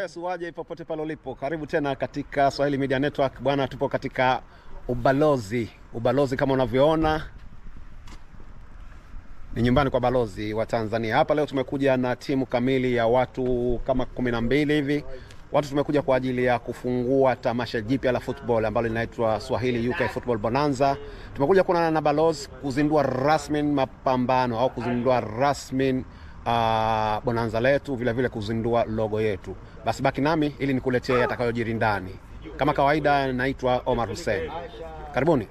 Yes, waje popote pale ulipo, karibu tena katika Swahili Media Network. Bwana, tupo katika ubalozi. Ubalozi kama unavyoona ni nyumbani kwa balozi wa Tanzania hapa. Leo tumekuja na timu kamili ya watu kama kumi na mbili hivi watu tumekuja kwa ajili ya kufungua tamasha jipya la football ambalo linaitwa Swahili UK Football Bonanza. Tumekuja kuonana na balozi kuzindua rasmi mapambano au kuzindua rasmi uh, ah, bonanza letu vilevile vile kuzindua logo yetu. Basi baki nami ili nikuletee yatakayojiri ndani. Kama kawaida, naitwa Omar Hussein, karibuni.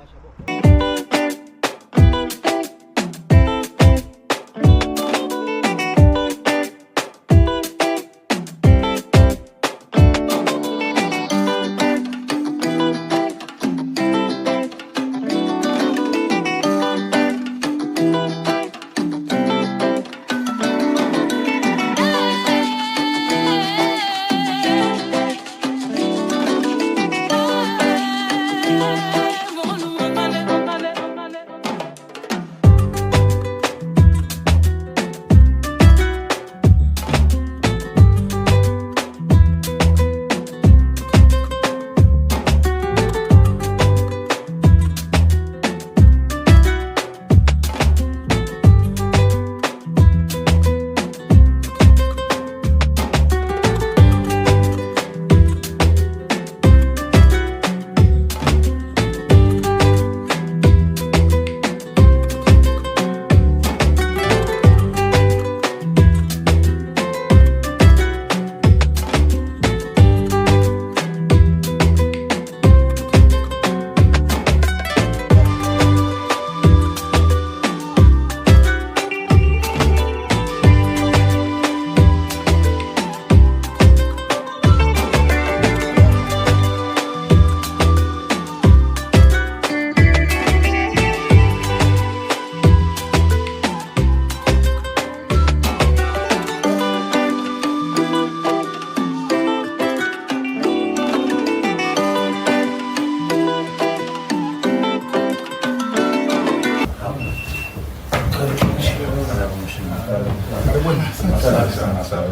sawa.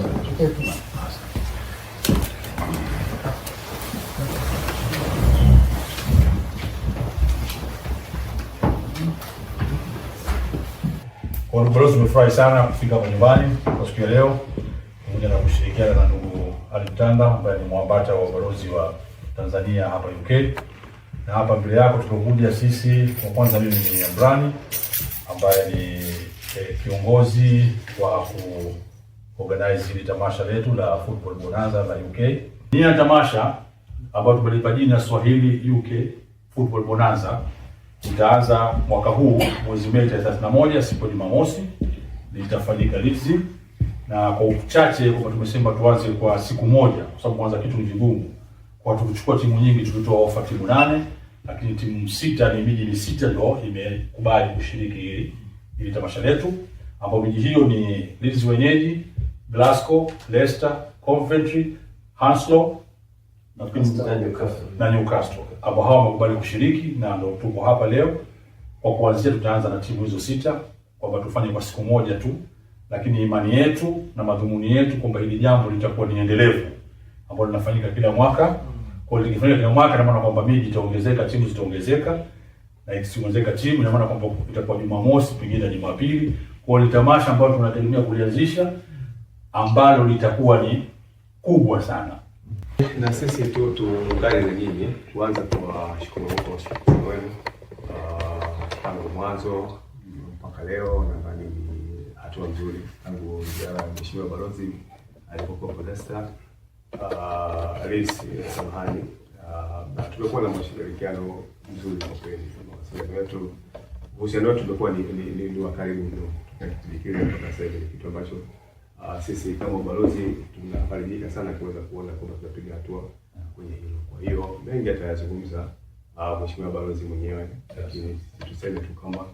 Balozi, tumefurahi sana kufika hapa nyumbani kwa siku ya leo pamoja na kushirikiana na ndugu Ali Mtanda ambaye ni mwambata wa balozi wa Tanzania hapa UK. Na hapa mbele yako tuliokuja sisi, kwa kwanza, mimi ni amrani ambaye ni eh, kiongozi wa organize hili tamasha letu la Football Bonanza la UK. Nia tamasha ambayo tumelipa jina Swahili UK Football Bonanza itaanza mwaka huu mwezi Mei tarehe 31 siku ya Jumamosi, litafanyika Leeds, na kwa uchache kwa tumesema tuanze kwa siku moja, kwa sababu kwanza kitu ni vigumu kwa tukuchukua timu nyingi. Tulitoa ofa timu nane, lakini timu sita ni miji ni sita ndio imekubali kushiriki hili hili tamasha letu, ambapo miji hiyo ni Leeds wenyeji Glasgow, Leicester, Coventry, Hounslow na Newcastle Na Newcastle. ambao hawa wamekubali kushiriki na ndio tuko hapa leo. Kwa kuanzia, tutaanza na timu hizo sita, kwamba tufanye kwa siku moja tu, lakini imani yetu na madhumuni yetu kwamba hili jambo litakuwa ni endelevu ambalo linafanyika kila mwaka. Kwa hiyo likifanyika kila mwaka, na maana kwamba miji itaongezeka, timu zitaongezeka, na ikiongezeka timu, na maana kwamba itakuwa Jumamosi, pengine Jumapili. Kwa hiyo tamasha ambalo tunategemea kulianzisha ambalo litakuwa ni kubwa sana. Na sisi tu tuungane na nyinyi kuanza kuwashukuru kwa wasikilizaji wenu ah, tangu mwanzo mpaka leo. Nadhani ni hatua nzuri tangu ziara ya Mheshimiwa Balozi alipokuwa Podesta ah, Rais, samahani, na ah, tumekuwa na mashirikiano mzuri kwa kweli mawasiliano wetu uhusiano wetu tumekuwa ni wakaribu mno, mpaka sasa hivi kitu ambacho uh, sisi kama ubalozi tunafarijika sana kuweza kuona kwamba tunapiga hatua kwenye hilo. Kwa hiyo mengi atayazungumza uh, mheshimiwa balozi mwenyewe, lakini tuseme tu kama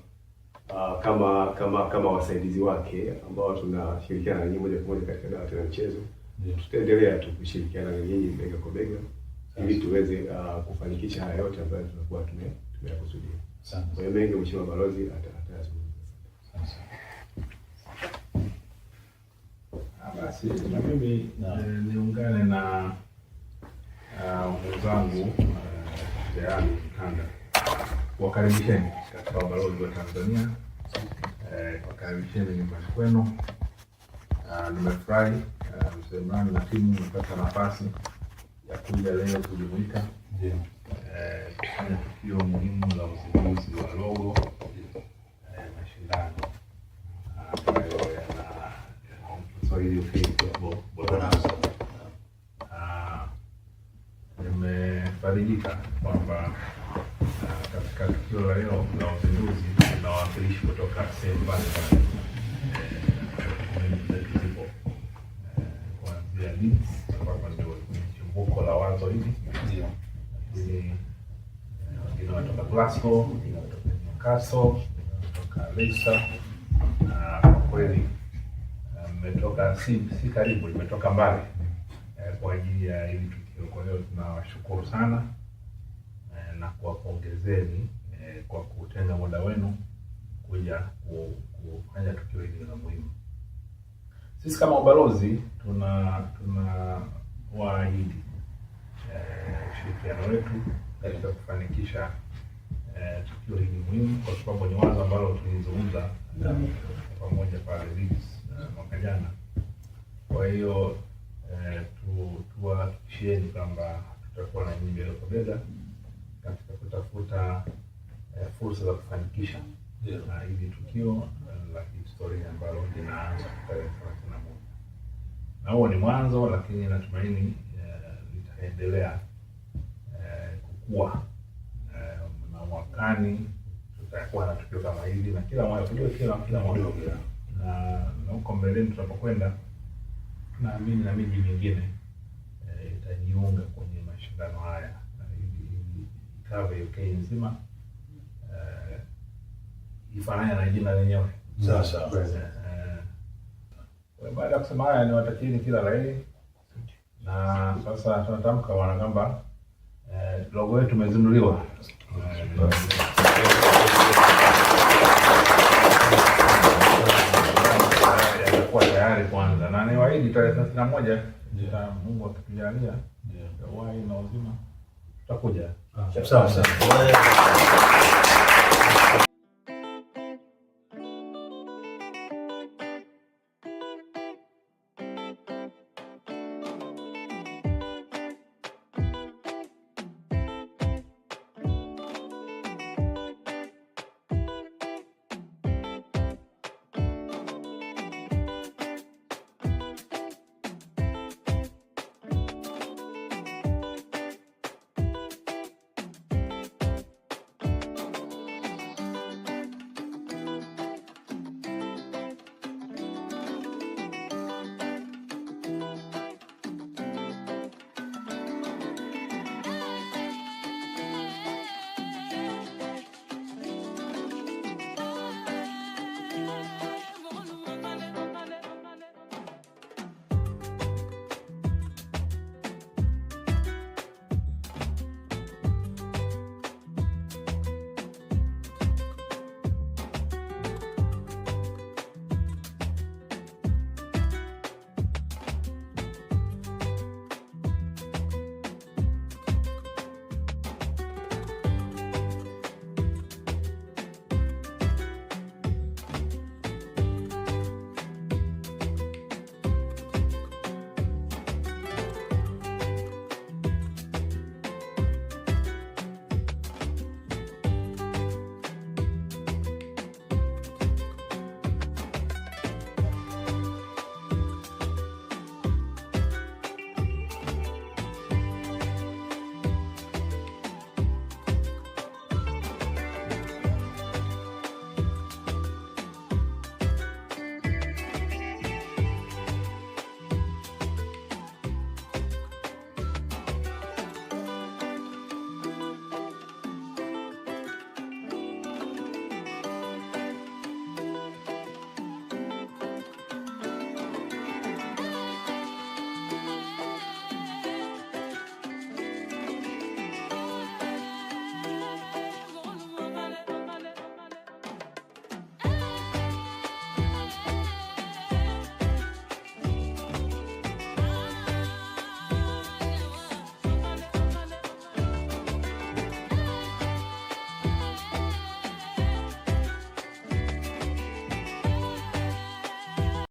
Uh, kama kama kama wasaidizi wake ambao tunashirikiana na nyinyi moja kwa moja katika dawati la michezo yeah. Tutaendelea tu kushirikiana na nyinyi bega kwa bega ili tuweze uh, kufanikisha haya yote ambayo tunakuwa tumeyakusudia. Kwa hiyo mengi mheshimiwa balozi atayazungumza. Basi na mimi eh, niungane na eh, mwenzangu eh, Jerani Mkanda wakaribisheni katika ubalozi wa Tanzania, wakaribisheni nyumbani kwenu. Ah, nimefurahi mzee Imran na timu nimepata nafasi ya kuja leo kujumuika kufanya tukio muhimu la uzinduzi wa logo Kiswahili ukiitwa Bonanza. Ah, nimefarijika kwamba ah, katika tukio la leo la uzinduzi na wawakilishi kutoka sehemu mbalimbali eh, eh, zipo eh, kuanzia ambapo ndio la wazo hili, lakini wengine wanatoka Glasgow, wengine wanatoka Newcastle, wengine wanatoka Leicester na ah, kwa kweli limetoka si, si karibu, limetoka mbali eh, kwa ajili ya hili tukio. Kwa hiyo tunawashukuru sana eh, na kuwapongezeni eh, kwa kutenga muda wenu kuja kufanya tukio hili la muhimu. Sisi kama ubalozi tuna tuna waahidi eh, ushirikiano eh, wetu katika kufanikisha eh, tukio hili muhimu, kwa sababu ni wazo ambalo tulizungumza eh, tutakuwa na nyinyi bega kwa katika kutafuta eh, fursa za kufanikisha yeah. na hili tukio eh, la kihistoria ambalo linaanza tarehe thelathini na moja na huo ni mwanzo, lakini natumaini eh, litaendelea eh, kukua eh, na mwakani tutakuwa na tukio kama hili na kila mwaka kujua kila kila mwaka na na huko mbeleni tunapokwenda naamini na miji mingine e, itajiunga kwenye mashindano haya ikawa UK nzima uh, ifanane na jina lenyewe. Sasa eh, eh, baada ya kusema haya, niwatakieni kila la na sasa tunatamka wanagamba uh, logo yetu imezinduliwa uh, tayari kwanza, na niwaahidi tarehe thelathini na moja yeah. Mungu akitujalia yeah. Wai na uzima tutakuja ah. sawa sawa.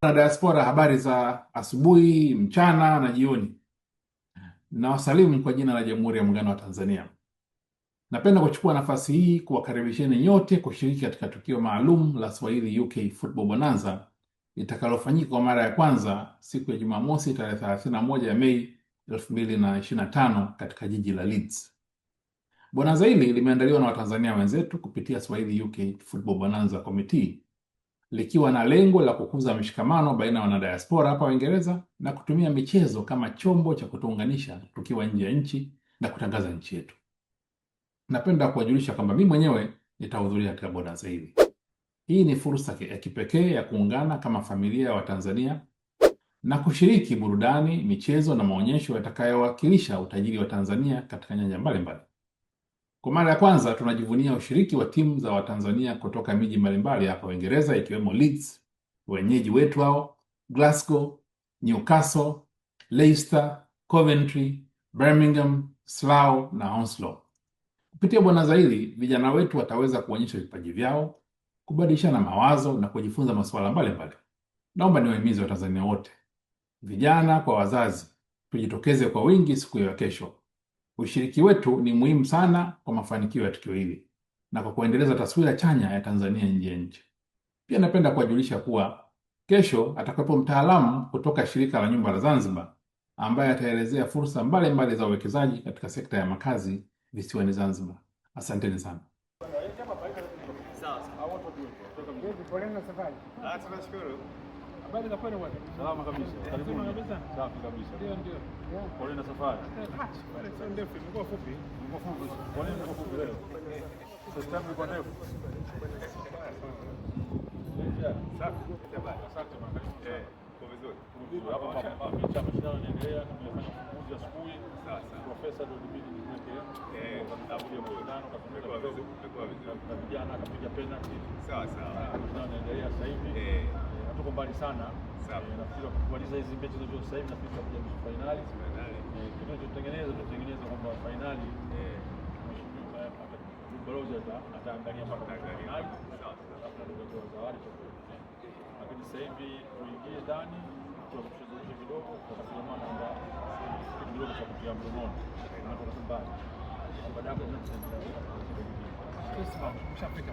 na diaspora, habari za asubuhi, mchana na jioni. Nawasalimu kwa jina la Jamhuri ya Muungano wa Tanzania. Napenda kuchukua nafasi hii kuwakaribisheni nyote kushiriki katika tukio maalum la Swahili UK Football Bonanza litakalofanyika kwa mara ya kwanza siku ya Jumamosi tarehe 31 Mei 2025 katika jiji la Leeds. Bonanza hili limeandaliwa na Watanzania wenzetu kupitia Swahili UK Football Bonanza Committee likiwa na lengo la kukuza mshikamano baina ya wanadiaspora hapa Uingereza na kutumia michezo kama chombo cha kutuunganisha tukiwa nje ya nchi na kutangaza nchi yetu. Napenda kuwajulisha kwamba mimi mwenyewe nitahudhuria katika bonanza hili. Hii ni fursa ya kipekee ya kuungana kama familia ya wa Watanzania na kushiriki burudani, michezo na maonyesho yatakayowakilisha utajiri wa Tanzania katika nyanja mbalimbali. Kwa mara ya kwanza tunajivunia ushiriki wa timu za Watanzania kutoka miji mbalimbali hapa Uingereza ikiwemo Leeds, wenyeji wetu hao, Glasgow, Newcastle, Leicester, Coventry, Birmingham, Slough na Hounslow. Kupitia bwana Zaili, vijana wetu wataweza kuonyesha vipaji vyao, kubadilishana mawazo na kujifunza masuala mbalimbali. Naomba niwahimize Watanzania wote, vijana kwa wazazi, tujitokeze kwa wingi siku ya kesho Ushiriki wetu ni muhimu sana kwa mafanikio ya tukio hili na kwa kuendeleza taswira chanya ya Tanzania nje ya nchi. Pia napenda kuwajulisha kuwa kesho atakuwepo mtaalamu kutoka Shirika la Nyumba la Zanzibar ambaye ataelezea fursa mbalimbali za uwekezaji katika sekta ya makazi visiwani Zanzibar. Asanteni sana. Ah, tunashukuru. Habari za kwenu bwana? Salama kabisa. Eh, Karibuni. Safi kabisa. Ndio ndio. Pole na safari. Ah, pole sio ndefu, imekuwa fupi. Imekuwa fupi. Pole imekuwa fupi leo. Sasa imekuwa ndefu. Safi. Asante bwana. Eh, kwa vizuri. Hapa hapa picha mashindano yanaendelea, tumefanya ufunguzi asubuhi. Sasa profesa ndio dhibiti niweke eh kwa sababu ya mashindano kwa vizuri. Imekuwa vizuri. Vijana akapiga penalty. Sawa sawa. Ah, mashindano yanaendelea sasa hivi. Eh hatuko mbali sana e, nafikiri kumaliza hizi mechi zote sasa hivi nafikiri tutakuja nusu finali. Eh, kitu tunachotengeneza tutatengeneza kwamba finali eh. Balozi ataangalia mpaka finali, tutatoa zawadi, lakini sasa hivi tuingie ndani tushughulishe kidogo, tukafanya maana kwamba kidogo cha kutia mdomoni natoka nyumbani baada ya hapo tunafika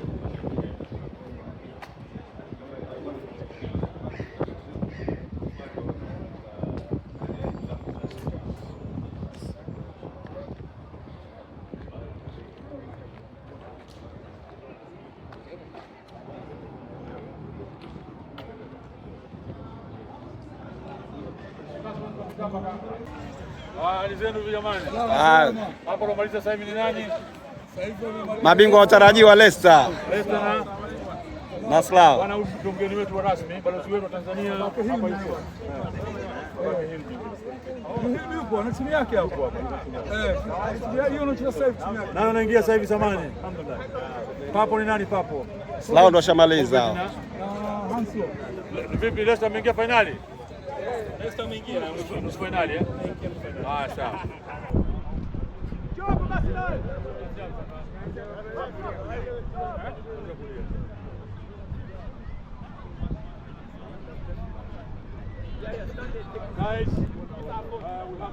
zenu jamani. Ah. Hapo sasa hivi ni nani? Mabingwa watarajiwa Leicester. Leicester na na mgeni wetu rasmi, balozi wetu wa Tanzania hapa hivi. anaingia eh, sasa hivi samani. Papo ni nani papo? ndo ah, Vipi Leicester ameingia finali? Guys, uh, we have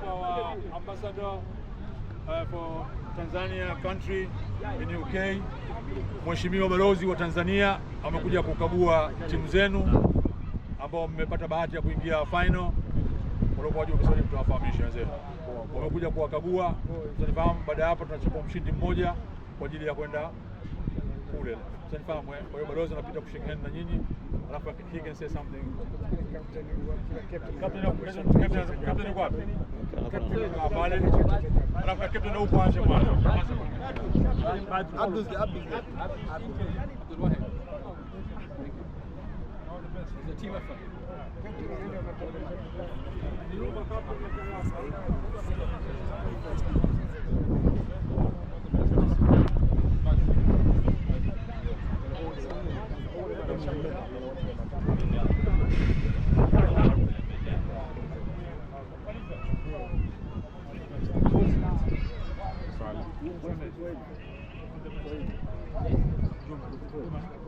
our ambassador uh, for Tanzania country in UK. Mheshimiwa balozi wa Tanzania amekuja kukagua timu zenu ambao mmepata bahati ya kuingia final waliokuwa juu Kiswahili, tunawafahamisha wenzetu wamekuja kuwakagua tunafahamu. Baada ya hapo, tunachukua mshindi mmoja kwa ajili ya kwenda kule msanifahamu. Kwa hiyo balozi anapita kushirikiana na nyinyi, alafu he can say something. Captain yuko captain, Pale captain, na captain upo anje mwana Abdul Abdul Abdul Wahid It's a team effort. Thank you.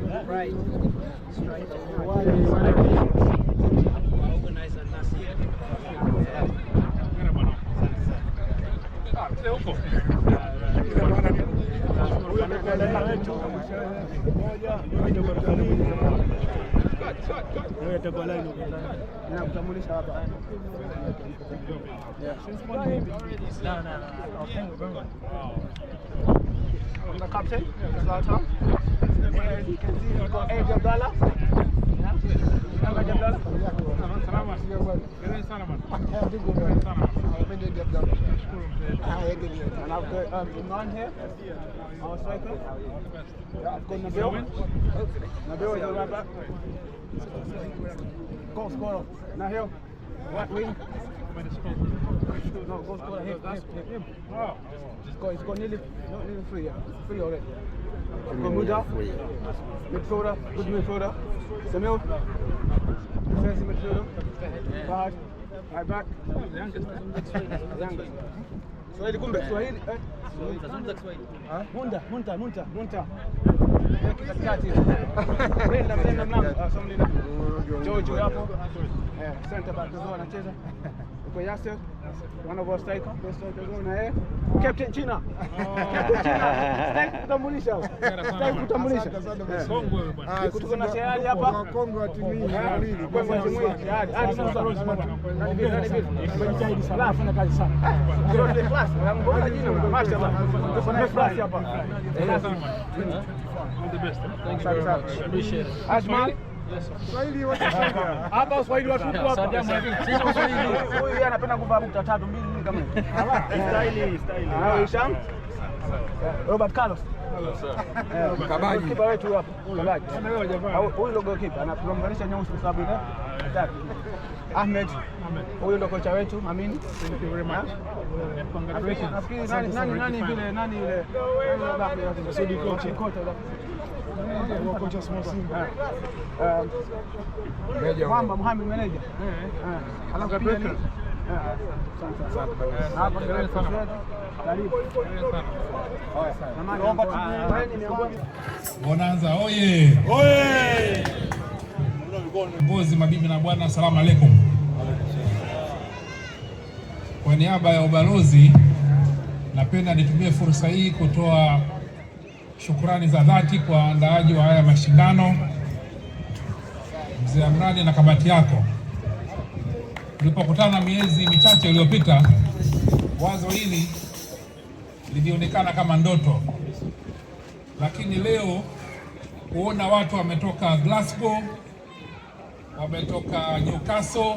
Right. Straight Yeah. Since morning already. No, no, no. I'll think we're going. The captain, Zlatan. as you can see, we got eight dollars. And I've got um, Imran here, our striker. Yeah, I've got Nabil. Nabil is the right Nahil, right wing. No, go score him, him, him. Wow. He's got, he's got nearly, not nearly free, yeah. Free already. Good midfielder. Good midfielder. Samuel. Defensive midfielder. Bad. High back. Swahili kumbe, Swahili eh? Tazungumza Kiswahili. Munda, Munta, Munta, Munta wanavyowastahili naye eh? Captain China kutambulisha kutambulisha kutoka hapa fanya kazi hapa Waswahili watupu hapa. Huyu anapenda kuvaa bukta tatu mbili kama hivi. Hisham Robert Carlos eh, kipa wetu hapa, huyu ndio kipa anatuunganisha nyeusi kwa sababu Ahmed, huyu ndio kocha wetu Amin. Eh? Nafikiri nani nani vile nani yule kocha kwamba Mohamed meneja Bonanza oye! Mbozi, mabibi na bwana, asalamu alaikum. Kwa niaba ya ubalozi, napenda nitumie fursa hii kutoa shukrani za dhati kwa waandaaji wa haya mashindano, mzee Amrani na kamati yako. Tulipokutana miezi michache iliyopita, wazo hili lilionekana kama ndoto, lakini leo kuona watu wametoka Glasgow, wametoka Newcastle,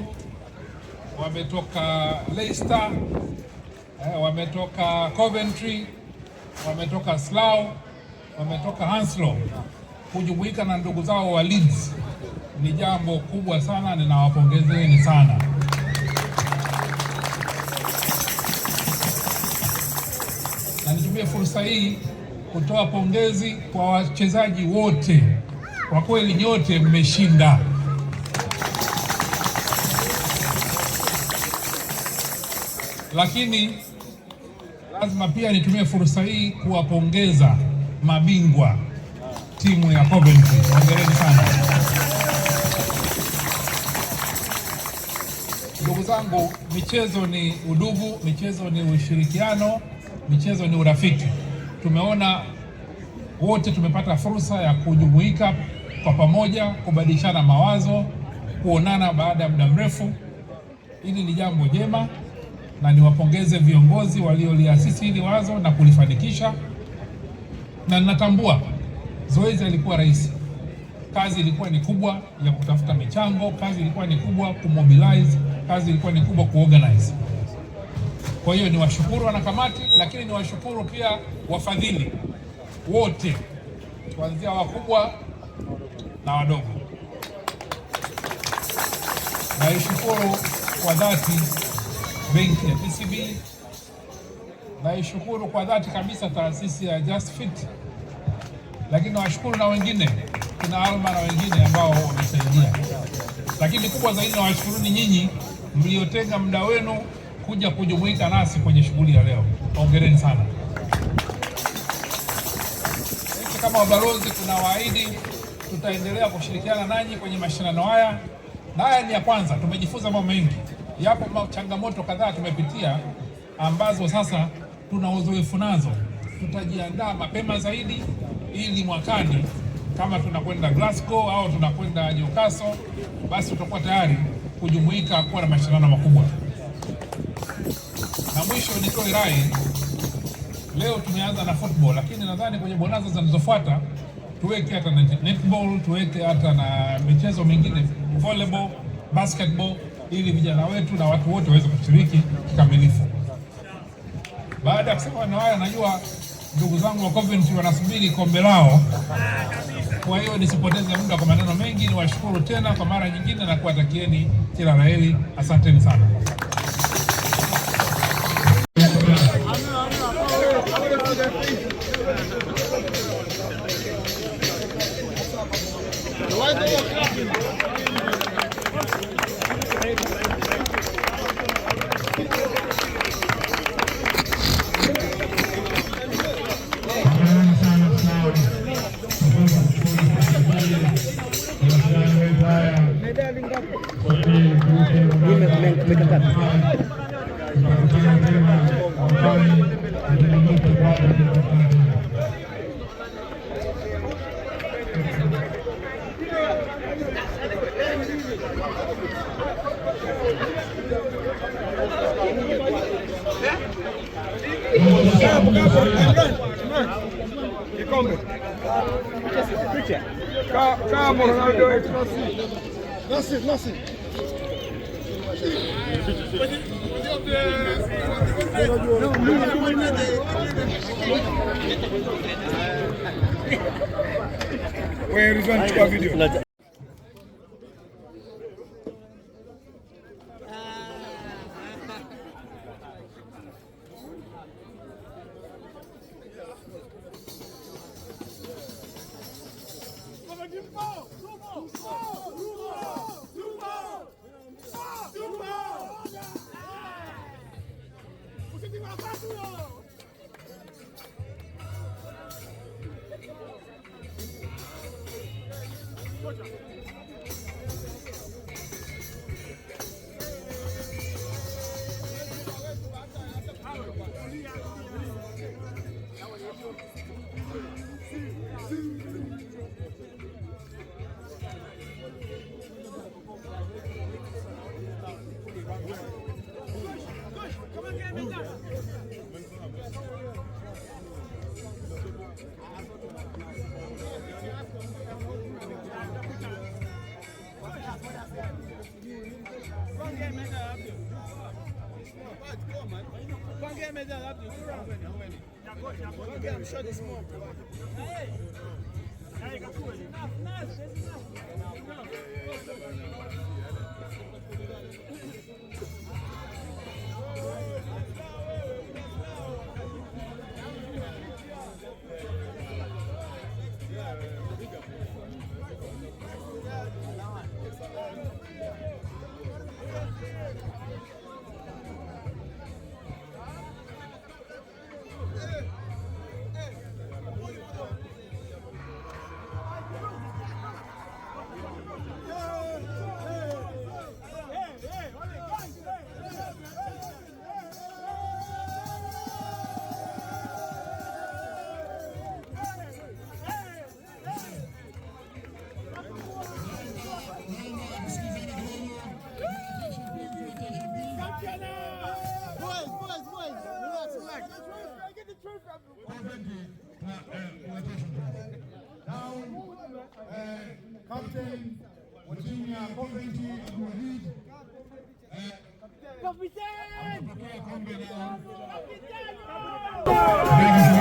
wametoka Leicester, eh, wametoka Coventry, wametoka Slough wametoka Hanslo kujumuika na ndugu zao wa Leeds ni jambo kubwa sana, ninawapongezeni sana. Na nitumie fursa hii kutoa pongezi kwa wachezaji wote, kwa kweli nyote mmeshinda. Lakini lazima pia nitumie fursa hii kuwapongeza mabingwa timu ya Coventry, hongereni sana ndugu zangu. Michezo ni udugu, michezo ni ushirikiano, michezo ni urafiki. Tumeona wote tumepata fursa ya kujumuika kwa pamoja, kubadilishana mawazo, kuonana baada ya muda mrefu. Hili ni jambo jema na niwapongeze viongozi walioliasisi hili wazo na kulifanikisha na ninatambua zoezi alikuwa rahisi, kazi ilikuwa ni kubwa ya kutafuta michango, kazi ilikuwa ni kubwa kumobilize, kazi ilikuwa ni kubwa kuorganize. Kwa hiyo niwashukuru wanakamati, lakini niwashukuru pia wafadhili wote kuanzia wakubwa na wadogo. Naishukuru kwa dhati benki ya PCB naishukuru kwa dhati kabisa taasisi ya Just Fit, lakini nawashukuru na wengine kina Alma na wengine ambao wamesaidia, lakini kubwa zaidi nawashukuruni nyinyi mliotenga muda wenu kuja kujumuika nasi kwenye shughuli ya leo. Hongereni sana. Sisi kama wabalozi tunawaahidi tutaendelea kushirikiana nanyi kwenye mashindano haya, na haya ni ya kwanza. Tumejifunza mambo mengi, yapo changamoto kadhaa tumepitia ambazo sasa tuna uzoefu nazo, tutajiandaa mapema zaidi ili mwakani kama tunakwenda Glasgow au tunakwenda Newcastle, basi tutakuwa tayari kujumuika kuwa na mashindano makubwa. Na mwisho nitoe rai, leo tumeanza na football, lakini nadhani kwenye bonanza zinazofuata tuweke hata na netball, tuweke hata na michezo mingine, volleyball, basketball, ili vijana wetu na watu wote waweze kushiriki kikamilifu. Baada ya kusema na haya, najua ndugu zangu wa Coventry wanasubiri kombe lao. Kwa hiyo nisipoteze muda kwa maneno mengi, niwashukuru tena kwa mara nyingine na kuwatakieni kila la heri. Asanteni sana. kombi. Bitte. Come on, I'll do it. Where is on video? Georgia. shot this morning. Down, uh, Captain Coventry uh, Captain! Captain!